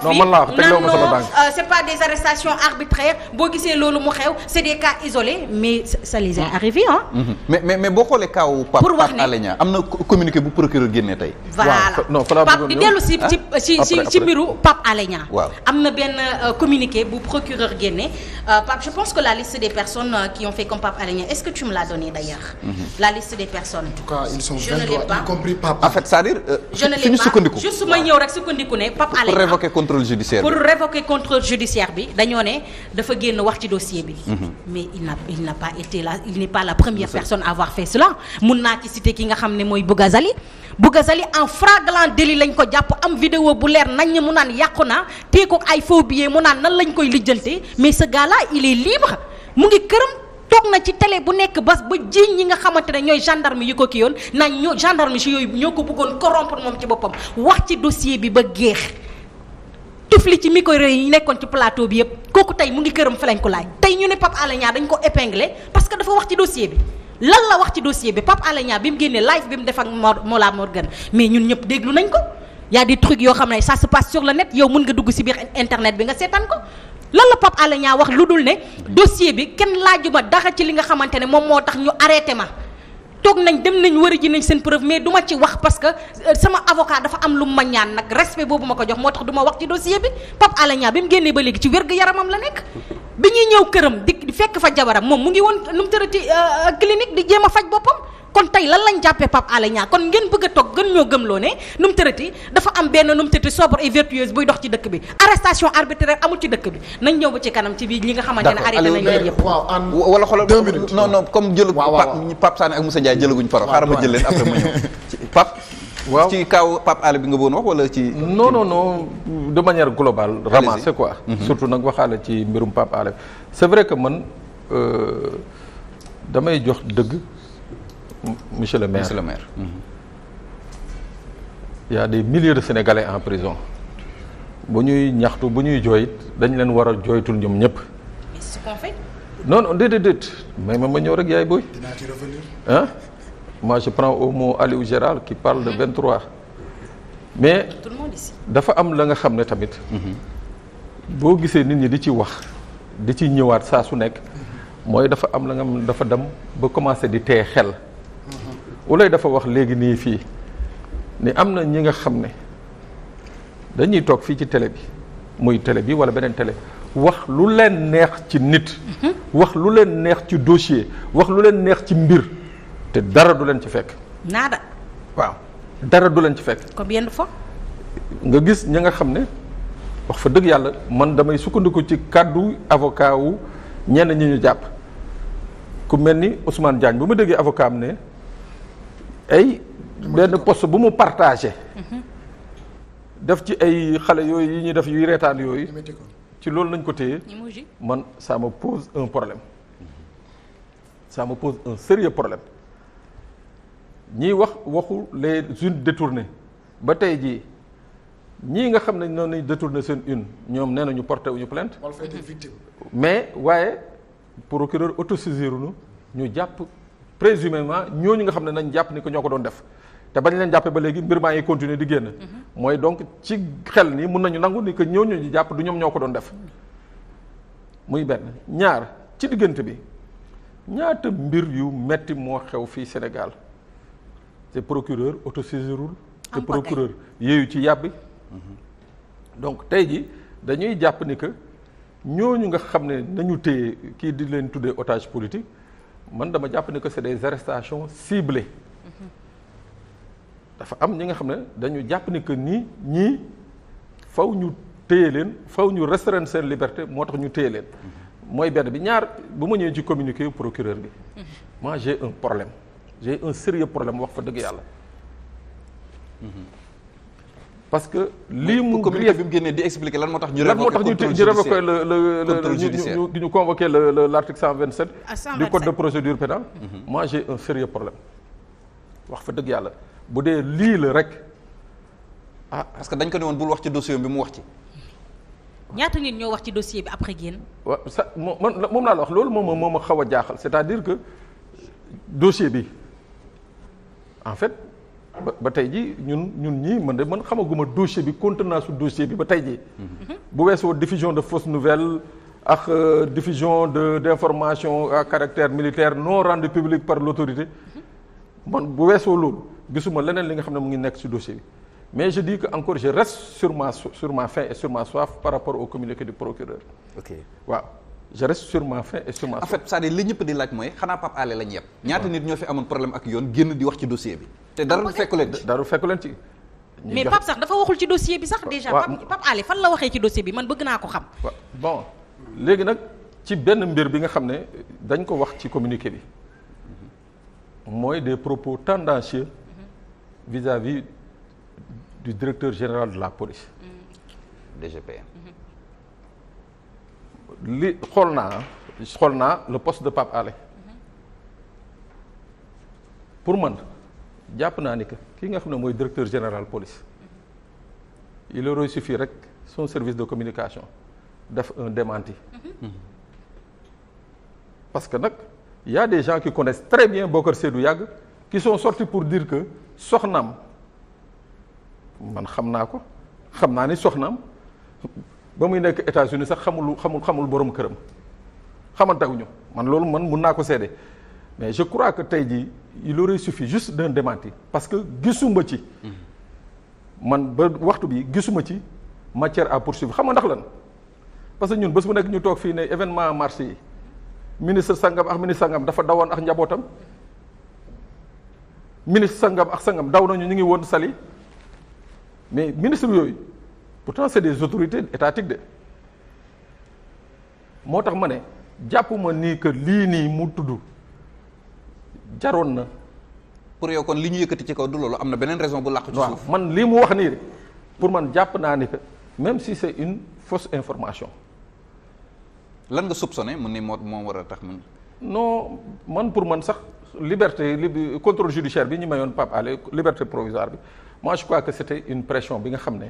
toog fii non non euh, c'est pas des arrestations arbitraires boo gisee loolu mu xew c'est des cas isolés mais ça les est arrivé mm-hmm. mais mais mais boo xoolee cas wu. am na communiqué bu procureur génnee tey. voilà non Pape di ci ah, ci ci mbiru Pape Alé am na benn euh, communiqué bu procureur génnee euh, Pape je pense que la liste des personnes qui ont fait comme Pape Alé est-ce que tu me l'as donné d'ailleurs. Mm-hmm. la liste des personnes. je ne l'ai pas juste ma ñëw ne contrôle judiciaire pour révoquer contrôle judiciaire bi dañoo ne dafa génn wax ci dossier bi. Mhm. mais il n'a n'a pas été là il n'est pas la première personne à avoir fait cela mun naa ci citer ki nga xam ne mooy Bougazali Bougazali en flagrant délit lañ ko jàpp am vidéo bu leer nañ mu naan yàqu naa tee ko ay faux billets mu naan nan lañ koy lijjantee mais sa gars là il est libre mu ngi këram. toog na ci télé bu nekk bas ba jiiñ ñi nga xamante ne ñooy gendarme yi ko ki yoon nañ ñoo gendarme si yooyu ñoo ko bëggoon corrompre moom ci boppam wax ci dossier bi ba géex tuuf li ci micro yi nekkoon ci plateau bi yëpp kooku tey mu ngi këram felenku tey ñu ne Pape Alé Niang dañ ko épinglé parce que dafa wax ci dossier bi lan la wax ci dossier bi Pape Alé Niang bi mu génnee live bi mu def ak Mola Morgan mais ñun ñëpp déglu nañ ko y a des yoo xam ne ça se passe sur le net yow mën nga dugg ci biir internet bi nga seetaan ko lan la Pape Alé Niang wax lu dul ne dossier bi kenn laaju ma dara ci li nga xamante ne moom moo tax ñu arrêté ma toog nañ dem nañ wër ji nañ seen preuve mais du ma ci wax parce que euh, sama avocat dafa am lu ma ñaan nag respect boobu ma ko jox moo tax duma wax ci dossier bi Pape Alé Niang bi mu génnee ba léegi ci wérgu yaramam la nekk bi ñuy ñëw këram di fekk fa jabaram moom mu ngi woon nu mu tëra euh, di jéem a faj boppam kon tey lan lañ jàppee Pape Alé Niang kon ngeen bëgg a toog gën ñoo gëmloo ne nu mu tërati dafa am benn nu mu tërati sobre et vertueuse buy dox ci dëkk bi arrestation arbitraire amul ci dëkk bi nañ ñëw ba ci kanam ci biir li nga xamante ne arrêté nañ leen yëpp wala xoolal non non comme jëlu Pape Sané ak Moussa Ndiaye jëlaguñ parole xaaral ma jël leen après ma ñëw Pape waaw ci kaw Pape Alé bi nga bëggoon wax wala ci non non non de manière globale ramassé quoi mhm. surtout nag waxaale ci mbirum Pape Alé c'est vrai que euh, damay jox dëgg monsieur le maire monsieur le maire. Mhm. il des milliers de sénégalais en prison bu ñuy ñaxtu bu ñuy jooyit dañu leen war a jooytul ñoom ñëpp. noonu non déedéet déet mais ma ma ñëw rek yaay booy. dinaa ci revenir. ah moi je prends au mot Aliou Gérald qui parle de 23. Mhm. mais dafa am la nga xam ne tamit. Mhm. boo gisee nit ñi di ci wax di ci ñëwaat saa su nekk. mooy dafa am la nga xam dafa dem ba commencé di tee xel. ulay dafa wax léegi nii fii ni am na ñi nga xam ne dañuy toog fii ci télé bi muy télé bi wala beneen télé wax lu leen neex ci nit mhm. wax lu leen neex ci dossier wax lu leen neex ci mbir te dara du leen ci fekk naada waaw dara du leen ci fekk comme yenn fo nga gis ñi nga xam ne wax fa dëgg yàlla man damay sukkandiku ci kàddu avocat wu ñenn ñi ñu jàpp ku mel ni Ousmane Diagne bu ma déggee avocat am ne ay benn poste bu mu partagé. def ci ay xale yooyu yi ñuy def yuy reetaan yooyu. ci loolu nañ ko téye man ça me pose un problème ça me pose un sérieux problème ñiy wax waxu les unes détournées ba tey jii ñii nga xam ne noonu lañ détourné seen une ñoom nee nañu porté wuñu plainte mais waaye procureur autosaisir nu ñu jàpp présumément ñooñu nga xam ne nañ jàpp ni ko ñoo ko doon def te bañ leen jàppee ba léegi mbir maa ngi continuer di génn mooy donc ci xel ni mun nañu nangu ni que ñooñu ñu jàpp du ñoom ñoo ko benn ñaar ci diggante bi ñaata mbir yu metti moo xew fii Sénégal te procureur autosaisirul te procureur yéeyu ci yàbbi tey ji dañuy jàpp ni que ñooñu nga xam ne nañu téye kii di leen tuddee otage politique man dama jàpp ni que c'est des arrestations ciblées dafa am ñi nga xam ne dañu jàpp ni que nii ñii faw ñu téye leen faw ñu restreindre seen liberté moo tax ñu téye leen mooy benn bi ñaar bu ma ñëwee ci communiqué procureur bi moi j'ai un problème j'ai un sérieux problème wax fa dëgg yàlla parce que lii mu communiqué bi mu génnee di expliquer lan moo tax ñu. révoqué contrôle judiciaire lan moo tax ñu ñu révoqué le le ñu convoqué le l'article 127. Ah, du code de procédure pénale. Mhm. moi j'ai un sérieux problème. wax fa dëgg yàlla bu dee lii la rek ah. parce que dañ ko ne woon bul wax ci dossier bi mu wax ci. ñaata nit ñoo wax ci dossier bi après génn. waaw sa moom moom laa la wax loolu moom moom a xaw a jaaxal c'est-à-dire que dossier bi en fait. ba ba tey ji ñun ñun ñii man de man xamaguma dossier bi contenance su dossier bi ba tey ji mm-hmm. bu weesoo diffusion de fausses nouvelles ak euh, diffusion de d'informations à caractère militaire non rendu public par l'autorité mm-hmm. man bu weesoo loolu gisuma leneen li nga xam ne mu ngi nekk ci dossier bi mais je dis que encore je reste sur ma sur ma faim et sur soif par rapport au communiqué du procureur. ok waaw je reste sur ma et sur ma soif. en fait li ñëpp di laaj mooy xanaa Pape Alé lañ yem. ñaata nit ñoo fi amoon problème ak yoon génn di wax ci dossier bi. te dara du fekku leen ci dara du leen ci. mais Pape sax dafa waxul ci dossier bi sax déjà. waaw Pape Alé fan la waxee ci dossier bi man bëgg naa ko xam. bon léegi nag ci benn mbir bi nga xam ne dañ ko wax ci communiqué bi mooy des propos tendancieux vis-à-vis du directeur général de la police. Mm-hmm. Mm-hmm. li xool naa xool naa le poste de pap Alé mm-hmm. pour man. jàpp naa ni que kii nga xam ne mooy directeur général police il aurait fii rek son service de communication def un démenti parce que nag y a des gens qui connaissent très bien Bokar Seydou Yàgg qui sont sortis pour dire que soxnaam man xam naa ko xam naa ni soxnaam ba muy nekk États-Unis sax xamul xamul xamul borom këram xamantewuñu man loolu man mun naa ko seede mais je crois que tey jii il aurait suffi juste d'un démenti parce que gisuma ci man ba waxtu bi gisuma ci matière à poursuivre xam nga ndax lan parce que ñun bés bu nekk ñu toog fii ne événement marché yi ministre sangam ak ministre sangam dafa dawoon ak njabootam ministre sangam ak sangam daw nañu ñu ngi woon sali mais ministre yooyu pourtant c'est des autorités étatiques de moo tax ma ne jàppuma ma nii que lii nii mu tudd jaroon na. pour yow kon li ñu yëkkati ci kaw du loolu am na beneen raison bu làq ci suuf man lii mu wax nii rek pour man jàpp naa ni que même si c'est une fausse information. lan nga soupçonné mu nii moo moom war a tax man. non man pour man sax liberté li contrôle judiciaire bi ñu mayoon Pape Alé liberté provisoire bi moi je crois que c'était une pression bi nga xam ne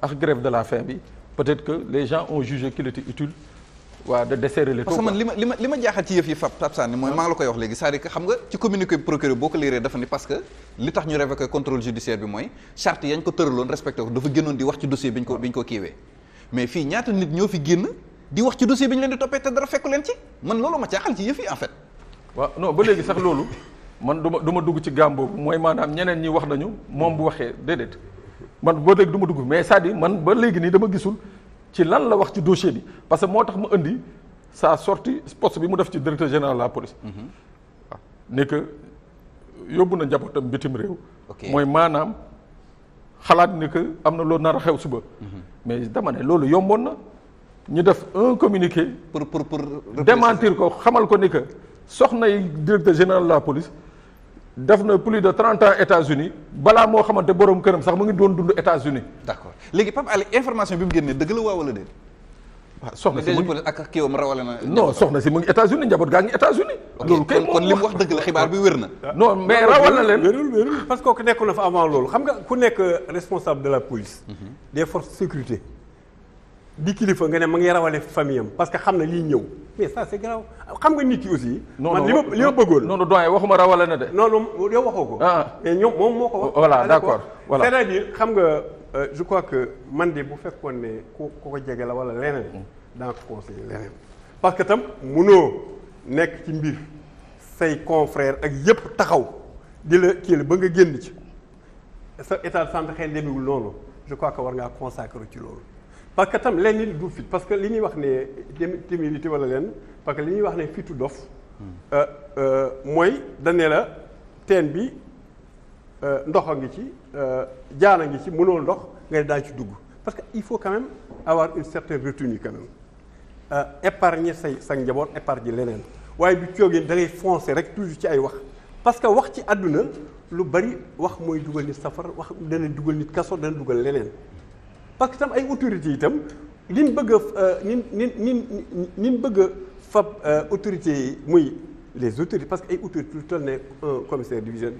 ak grève de la faim bi peut-être que les gens ont jugé qu'il était utile. waaw de desserrer le tout parce que man li ma li ma li ma jaaxal ci yëf yi Fap Fap Sane mooy maa ngi la koy wax léegi c'est-à-dire que xam nga ci communiqué procureur boo ko liiree dafa ni parce que li tax ñu révoqué contrôle judiciaire bi mooy charte yañ ko tëraloon respecté ko dafa génnoon di wax ci dossier bi ñu ko kiiwee mais fii ñaata nit ñoo fi génn di wax ci dossier bi ñu leen di toppee te dara fekku leen ci man loolu ma jaaxal ci yëf yi en fait waaw ba léegi sax loolu man du ma du ma dugg ci gaam boobu mooy maanaam ñeneen ñi wax nañu moom bu waxee déedéet man boo dégg du ma dugg mais c'est-à-dire ba léegi nii dama gisul ci lan la wax ci dossier bi parce que moo tax mu indi sa sorti poste bi mu def ci directeur général la police. Mhm. waaw ne que yóbbu na njabootam bitim réew. mooy maanaam xalaat ni que am na loolu nar a xew suba. Mhm. mais dama loolu yomboon na ñu def un communiqué. pour pour pour démentir ko xamal ko ni que soxna yi directeur général la police. def na plus de trente ans États-Unis balaa moo xamante borom këram sax mu ngi doon dund États-Unis d'accord léegi Pape Alé information bi mu génnee dëgg la waa wala déet waaw ah, soxna si mu ngi ak kii wam rawale na non soxna si mu ngi États-Unis njaboot gaa ngi États-Unis loolu kon li mu wax dëgg la xibaar bi wér na non mais rawal na leen parce que ku nekk la fa avant loolu xam nga ku nekk responsable de la police mhm. des force sécurité di kilifa nga ne ma ngi rawale famille am parce que xam na lii ñëw mais ça c'est grave xam nga nit ki aussi. man li ma li ma bëggoon. non non doyen waxuma rawale na de. non non yow waxoo ko. Ah. mais ñoom moom moo ko wax. voilà ah, d'accord voilà cest à xam nga euh, je crois que man de bu fekkoon ne ku ko jege la wala leneen. Mm. daa ko parce que tam munoo nekk ci mbir say confrères ak yépp taxaw di la kii la ba nga génn ci sa état de santé xëy demewul noonu je crois que war ngaa consacrer ci loolu. parce que tam lenn li du fit parce que li ñuy wax ne témérité wala leen parce que li ñuy wax ne fitu dof euh, euh, mooy dane la teen bi euh, ndox a ngi ci jaan a ngi ci mënoo ndox nga ne daa ci dugg parce que il faut quand même avoir une certaine retenue quand même épargner say sa njaboot épargner leneen waaye bi coogee da ngay foncer rek toujours ci ay wax parce que wax ci àdduna lu bari wax mooy dugal nit safar wax dana dugal nit kaso dana dugal leneen parce que tam ay autorités itam liñ bëgg a nin euh, nin nin nin bëgg a fab euh, autorités yi muy les autorités parce que ay autorités lu toll ne un euh, commissaire division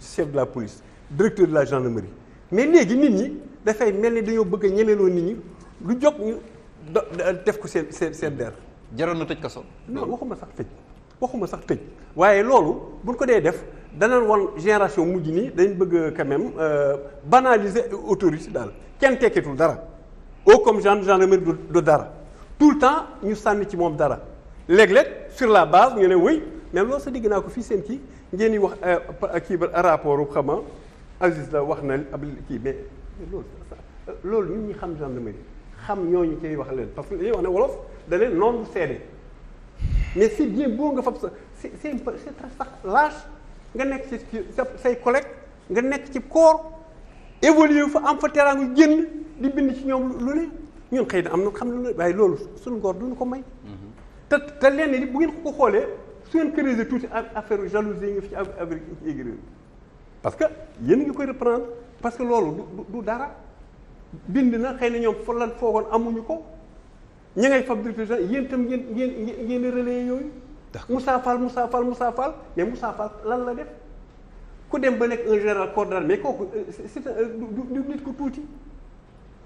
chef de la police directeur de la gendarmerie mais léegi nit ñi dafay mel ni dañoo bëgg a ñemeloo nit ñi lu jóg ñu def ko seen seen seen der jaroon na tëj kaso non waxuma sax tëj waxuma sax tëj waaye loolu buñ ko dee def danañ wan génération mujj nii dañ bëgg quand même banaliser autorité daal kenn tekkitul dara au comme genre gendarmerie du dara tout le temps ñu sànni ci moom dara léeg-léeg sur la base ñu ne oui mais loolu sa digg naa ko fi seen ci ngeen di wax euh, kii ba rapport xam nga Aziz la wax na ab kii mais loolu loolu ñi xam gendarmerie xam ñooñu cay wax leen parce que dañuy wax ne wolof da leen noonu seede mais c'est nga sa c'est c'est nga nekk ci say collègue nga nekk ci corps. évolué fa am fa teraangu génn di bind ci ñoom lu ne ñun xëy na am na xam ne waaye loolu suñu ngor duñu ko may mhm. te te lenn li bu ngeen ko ko xoolee su ngeen creuser tuuti affaire jalousie yi nga fi ci Afrique égré parce que yéen ngi koy reprendre parce que loolu du dara bind na xëy na ñoom fa lan foogoon amuñu ko ña ngay fab directeur yéen itam ngeen ngeen ngeen relais yooyu Moussa Fall Moussa Fall Moussa Fall mais Moussa Fall lan la def ku dem ba nekk un général corps d'armée mais kooku euh, c'est euh, du nit ku tuuti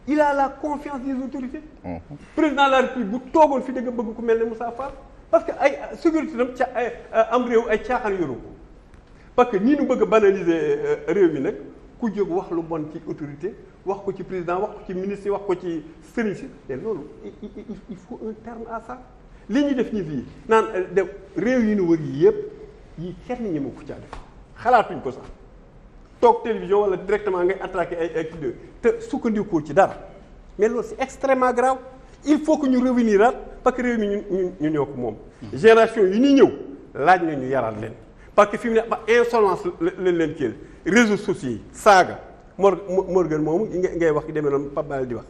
il a la confiance des autorités mhm. président de la république toogoon fi dëgg bëgg ku mel ne Moussa Fall parce que ay euh, sécurité tam ca ay am réew ay caaxaan parce que ñii nu bëgg a banaliser réew mi nag ku wax lu bon ci autorité wax ko ci président wax ci ministre wax ko ci si te terme à ça li ñuy def ñi fii naan dem réew yi nu wër yi yëpp yi kenn ñi ma ko caa xalaatuñ ko sax toog télévision wala directement ngay attaqué ay ay kii te sukkandiku ci dara mais loolu c'est extrêmement grave il faut que ñu revenir daal parce que réew ñu ñun ñu ñoo ko moom. génération yi ñuy ñëw laaj na ñu yaral leen parce que fi mu ne ba insolence lañ leen kii réseaux sociaux yi saaga Morgan Morgan moomu ngay wax demee noonu Pape di wax.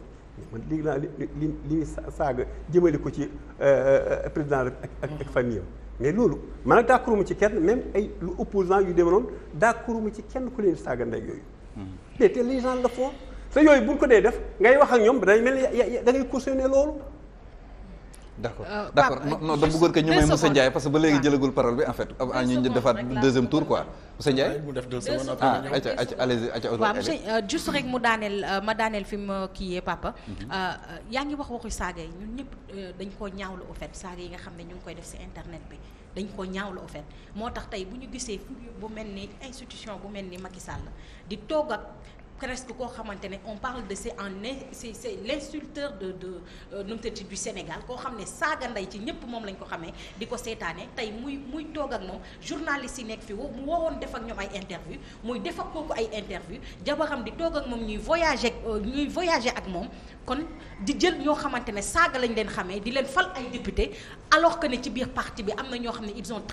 man dégg naa li li li muy saaga jëmale ko ci euh, euh, président ak ak mhm. famille am mais loolu man a d'accord ci kenn même ay lu opposant yu demee noonu d'accord mu ci kenn ku leen saaga ndey yooyu. Mhm. mais te les gens le font yooyu buñ ko dee def ngay wax ak ñoom danañ mel ni da ngay cautionner loolu. d' accord euh, d' accord non dama bëggoon que ñu may parce que ba léegi jëlagul parole bi en fait avant ah, ñu defaat deuxième tour quoi Moussa Ndiaye. ah ayca ayca allez ayca. waaw monsieur euh, rek mu daaneel euh, ma daaneel fi mu kii yee papa. Mhm. yaa ngi wax waxu saaga yi ñun ñëpp dañ koo ñaawlu au fait saaga yi nga xam ne ñu ngi koy def si internet bi dañ koo ñaawlu au fait moo tax tey bu ñu gisee bu mel ni institution bu mel ni Macky Sall di toog presque koo xamante ne on parle de c'est en c'est c'est l'insulteur de de euh, nu mu du Sénégal koo xam ne saaga ndey ci ñëpp moom lañ ko xamee di ko seetaane tey muy muy toog ak moom journaliste yi nekk fi wo mu waroon def ak ñoom ay interview muy def ak kooku ay interview jabaram di toog ak moom ñuy voyager euh, ñuy voyager ak moom kon di jël ñoo xamante ne saaga lañ leen xamee di leen fal ay député alors que ne ci biir parti bi am na ñoo xam ne ils ont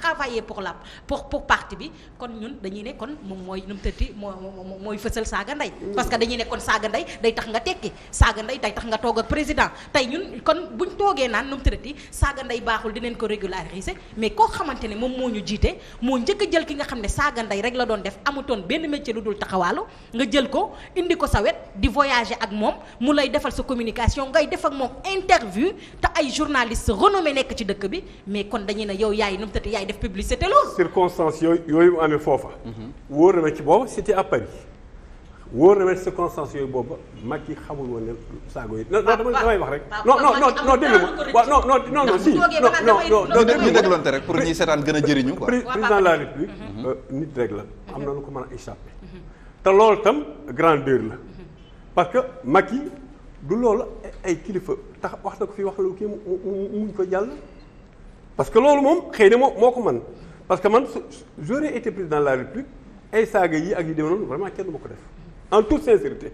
pour la po pour parti bi kon ñun dañuy ne moom mooy nu mu tëdd mooy mooy fësal saaga parce que dañuy nekkoon saaga ndey day tax nga tekki saaga ndey day tax nga toog ak président tey ñun kon buñ toogee naan nu mu tërati saaga ndey baaxul dinañ ko régulariser mais koo xamante ne moom moo ñu jiite moo njëkk a jël ki nga xam ne saaga ndey rek la doon def amutoon benn métier lu dul taxawaalu nga jël ko indi ko sa wet di voyager ak moom mu lay defal sa communication ngay def ak moom interview te ay journaliste renommé nekk ci dëkk bi mais kon dañuy ne yow yaay nu yaay def publicité loolu circonstance yooyu yooyu mu amee foofa mhm. wóor wóor na circonstance yooyu boobu Macky xamul woon ne saago yi. non non damay wax rek. non non non dégg nga waaw non non non non si. non non dégg ñu dégloonte rek pour ñi seetaan gën a jëriñu quoi. président de la république. Mm-hmm. Euh, nit rek la mm-hmm. am na lu ko mën a échappé. Mm-hmm. te loolu itam grandeur la. parce que Macky du loolu ay kilifa tax wax na ko fi wax lu kii mu muñ ko jàll. parce que loolu moom xëy na moo moo ko mën parce que man su j'aurais été président de la république ay saaga yi ak yu demee noonu vraiment kenn du ma ko def. en toute sincérité